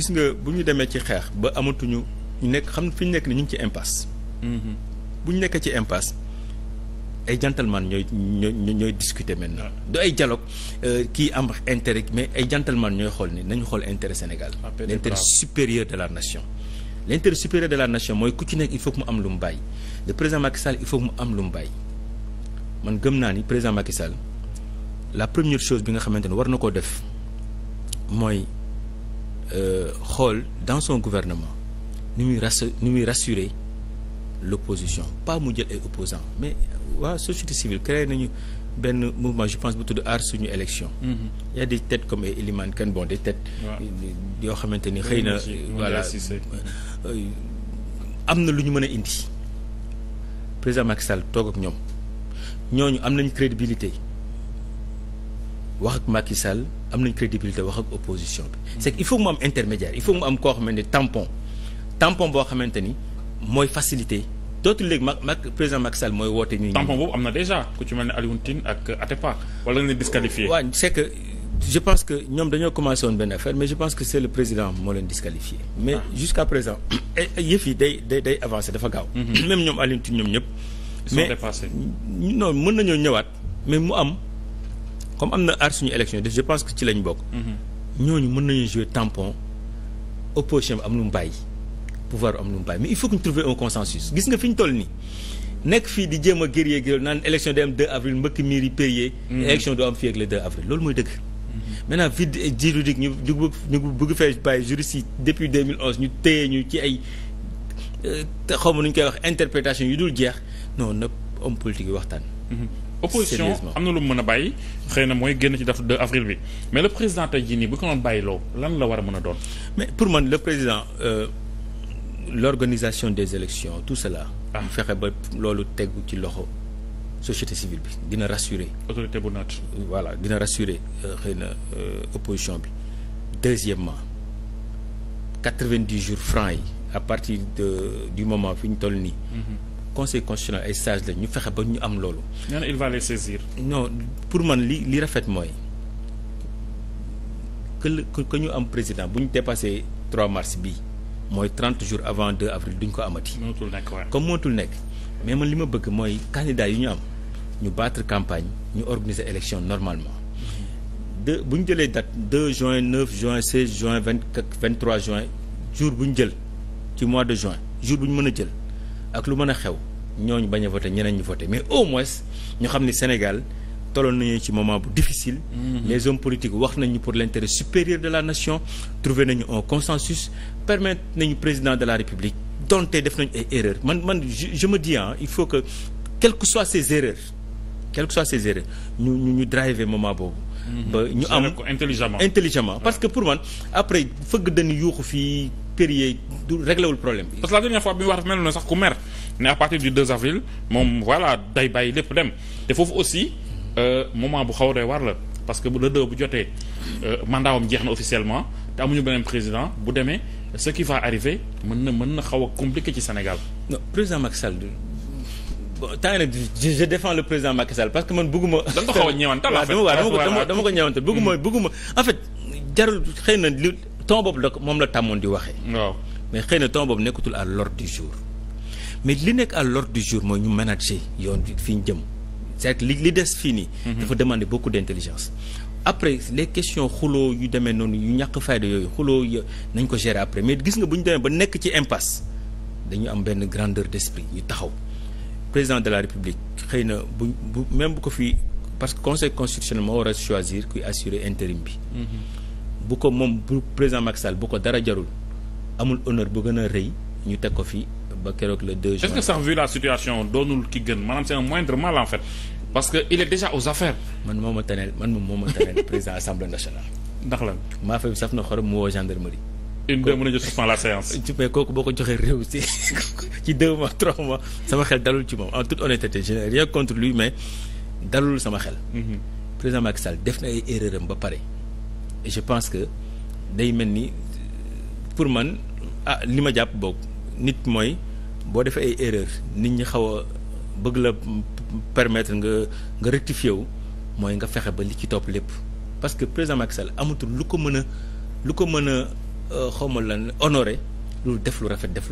gis nga bu ñu demee ci xeex ba amatuñu ñu nekk xam ne fi ñu nekk ni ñu ngi ci impasse. Mm-hmm. bu ñu nekkee ci impasse ay gentleman ñooy ñooy ñooy discuter maintenant ah. du ay dialogue euh, kii am intérêt mais ay gentleman ñooy xool ni nañu xool intérêt Sénégal. Ah, l' intérêt supérieur de la nation. l' intérêt supérieur de la nation mooy ku ci nekk il faut mu am lu mu bàyyi le président Macky Sall il faut mu am lu mu bàyyi man gëm naa ni président Macky la première chose bi nga xamante ne war na koo def Euh, xool dans son gouvernement ni muy rass ni muy rassurer l'opposition pas mu jël ay opposants mais waa société civile créé nañu benn mouvement je pense bu tudd aar suñu élection mm -hmm. y a des têtes comme ay Elimane bon des têtes yoo xamante ni xëy na voilà euh, am na lu ñu mën a indi président Macky Sall toog ak ñoom ñooñu am nañu crédibilité wax ak Macky Sall am nañ crédibilité wax ak opposition bi. c'est il faut mu am intermédiaire il faut mu am koo xamante ne tampon tampon boo xamante ni mooy facilité dootul léegi mag mag président Macky Sall mooy woote. tampon boobu am na déjà ku ci mel ne Alioune Tine ak Atepa. wala nga leen disqualifié waaw c'est que je pense que ñoom dañoo commencé woon benn affaire mais je pense que c'est le président moo leen disqualifié. mais ah. jusqu'à présent eh, yëf yi day day day dafa gaaw. Mm-hmm. même ñoom Alioune Tine ñoom ñëpp. ils mais non mu am. comme am na aar suñu élection je pense que ci lañ bokk. Mhm. ñooñu mën nañu jouer tampon opposition am lu mu bàyyi pouvoir am lu mu bàyyi mais il faut que ñu trouver un consensus gis nga fi ñu toll nii nekk fii di jéem a guerrier guerrier naan élection day am 2 avril mbëkk miir yi périer. Mhm. élection doo am fii ak le avril loolu mooy dëgg. Mhm. maintenant vide juridique ñu ñu ñu bëgg fee bàyyi juriste yi depuis 2011 ñu téye ñu ci ay euh, xaw ma nu ñu koy wax interprétation yu dul jeex non na homme politique waxtaan. opposition am na lu mu mën a bàyyi xëy na mooy génn ci date 2 avril bi mais le président tey jii nii bu ko doon bàyyi loo lan la war a mën a doon. mais pour man le président euh, l'organisation des élections tout cela. ah fexe ba loolu tegu ci loxo société civile bi dina rassurer. autorité bu naat. voilà dina rassurer euh, xëy na euh, opposition bi deuxièmement quatre-vingt-dix jours francs yi à partir de du moment fi ñu toll nii. Mm-hmm. conseil constitutionnel ay sage la ñu fexe ba ñu am loolu. nee na il pour man li li rafet mooy que que ñu am président bu ñu dépassé 3 mars bi mooy 30 jours avant 2 avril duñ ko amati. mënatul nekk waaw comme mënatul nekk. mais man li ma bëgg mooy candidat yi ñu am ñu battre campagne ñu organiser élection normalement. Mm-hmm. de bu ñu jëlee date 2 juin 9 juin 16 juin 24 23 juin jour bu ñu jël ci mois de juin jour bu ñu mën a jël. ak lu mën a xew ñooñu bañ a voté ñeneen ñu voté mais au moins ñu xam ni Sénégal toloon nañu ci moment bu difficile. Mm-hmm. les hommes politiques wax nañu pour l'intérêt supérieur de la nation trouver nañu un consensus permettre nañu président de la République donte def nañu ay man man je me dis ah il faut que quelles que soient ces erreurs quelles que ñu ñu ñu driver moment boobu. Mm-hmm. ba ñu am intelligemment. intelligemment parce que pour man après fëgg dañu yuuxu fii. férié du réglé wul problème bi. parce que la dernière fois bi mu wax mel na sax ku mer ne à partir du avril moom voilà day bàyyi lépp dem te foofu aussi euh, moment bu xaw a war la parce que bu le bu jotee euh, mandat jeex na officiellement te amuñu beneen président bu demee ce qui va arriver mën na mën na a ci Sénégal. non président Macky temps yii nag ko a dama ko dama ko ñëwantal bëgguma hmm. bëgguma en fait jarul xëy na ton boobu ko moom la tàmmoon di waxee. waaw mais xëy na ton boobu nekkatul à l'ordre du jour. mais li nekk à l'ordre du jour mooy ñu manager yoon fi ñu jëm c'est li li des fii nii. Mhm. dafa demander beaucoup d'intelligence. après les questions xuloo yu demee noonu yu ñàkk fayda yooyu xuloo nañ ko gérer après mais gis nga bu ñu demee ba nekk ci impasse dañu am benn grandeur d'esprit ñu taxaw président de la république xëy na bu bu même bu ko fii parce que conseil constitutionnel moo war a assurer intérim bi. Mhm. bu ko moom bu président Macky Sall bu ko dara jarul amul honneur bu gën a rëy ñu teg ko fi ba keroog le 2 juin. la situation doonul ki gën maanaam c'est un moindre mal en fait parce que il est déjà aux affaires. man moo ma taneel man moom moo ma taneel président assemblée nationale. ndax lan maa saf na xorom mu woo gendarmerie. une deux mën a suspend la séance. su fekkee kooku boo ko joxee réew si ci deux mois trois mois sama xel dalul ci moom en toute honnêteté je n'ai rien contre lui mais je pense que day mel ni pour man ah li ma jàpp boog nit mooy boo defee ay erreur nit ñi xaw a bëgg la permettre nga nga rectifier wu mooy nga fexe ba li ci topp lépp parce que président Macky Sall amatul lu ko mën a lu ko mën a euh, xawma la honoré lu def lu rafet def lu